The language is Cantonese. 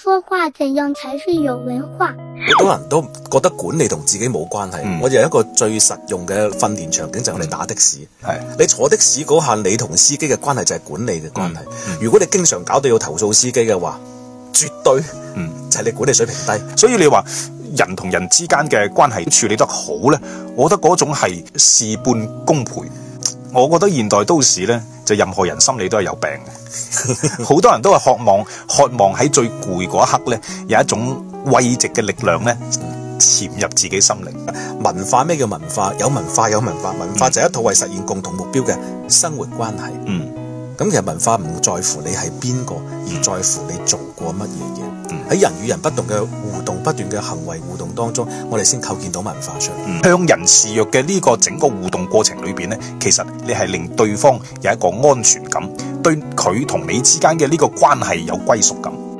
說話怎樣才是有文化？好多人都覺得管理同自己冇關係，我哋、嗯、有一個最實用嘅訓練場景就係我哋打的士，係、嗯、你坐的士嗰下，你同司機嘅關係就係管理嘅關係。嗯、如果你經常搞到要投訴司機嘅話，絕對、嗯、就係、是、你管理水平低。所以你話人同人之間嘅關係處理得好咧，我覺得嗰種係事半功倍。我覺得現代都市咧。就任何人心理都係有病好， 多人都係渴望，渴望喺最攰嗰一刻咧，有一種慰藉嘅力量咧，潛入自己心靈。文化，咩叫文化？有文化，有文化，文化就係一套為實現共同目標嘅生活關係。嗯。咁其實文化唔在乎你係邊個，而在乎你做過乜嘢嘢。喺、嗯、人與人不同嘅互動、不斷嘅行為互動當中，我哋先構建到文化出嚟。向人示弱嘅呢個整個互動過程裏邊呢，其實你係令對方有一個安全感，對佢同你之間嘅呢個關係有歸屬感。